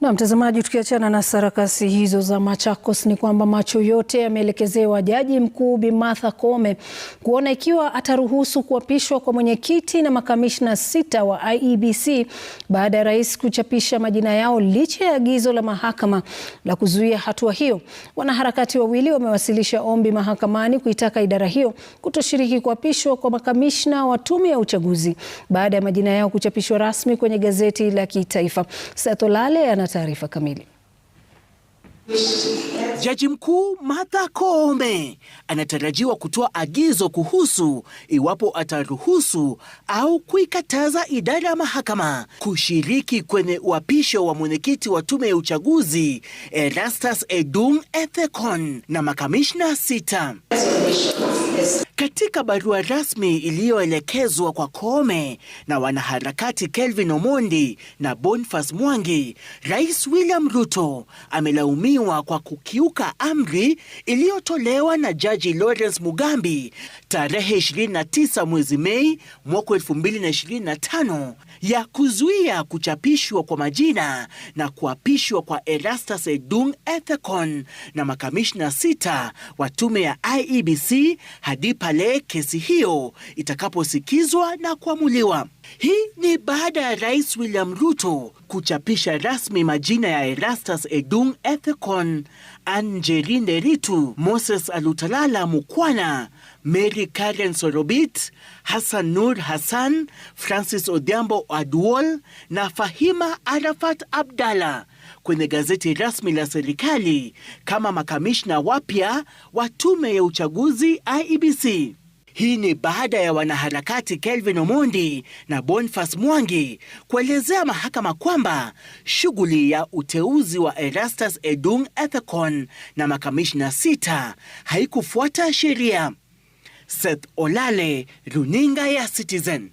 Na mtazamaji, tukiachana na sarakasi hizo za Machakos, ni kwamba macho yote yameelekezewa Jaji Mkuu Bi Martha Koome kuona ikiwa ataruhusu kuapishwa kwa mwenyekiti na makamishna sita wa IEBC baada ya rais kuchapisha majina yao licha ya agizo la mahakama la kuzuia hatua hiyo. Wanaharakati wawili wamewasilisha ombi mahakamani kuitaka idara hiyo kutoshiriki kuapishwa kwa makamishna wa tume ya uchaguzi baada ya majina yao kuchapishwa rasmi kwenye gazeti la kitaifa. Seth Olale ana taarifa kamili. Jaji Mkuu Martha Koome anatarajiwa kutoa agizo kuhusu iwapo ataruhusu au kuikataza idara ya mahakama kushiriki kwenye uapisho wa mwenyekiti wa tume ya uchaguzi Erastus Edung Ethekon na makamishna sita. Katika barua rasmi iliyoelekezwa kwa Koome na wanaharakati Kelvin Omondi na Boniface Mwangi, Rais William Ruto amelaumiwa kwa kukiuka amri iliyotolewa na Jaji Lawrence Mugambi tarehe 29 mwezi Mei mwaka 2025 ya kuzuia kuchapishwa kwa majina na kuapishwa kwa Erastus Edung Ethekon na makamishna sita wa tume ya IEBC hadi pale kesi hiyo itakaposikizwa na kuamuliwa. Hii ni baada ya Rais William Ruto kuchapisha rasmi majina ya Erastus Edung Ethekon, Angeline Ritu, Moses Alutalala Mukwana, Mary Karen Sorobit, Hassan Nur Hassan, Francis Odhiambo Aduol na Fahima Arafat abdallah kwenye gazeti rasmi la serikali kama makamishna wapya wa tume ya uchaguzi IEBC. Hii ni baada ya wanaharakati Kelvin Omondi na Boniface Mwangi kuelezea mahakama kwamba shughuli ya uteuzi wa Erastus Edung Ethekon na makamishna sita haikufuata sheria. Seth Olale, Runinga ya Citizen.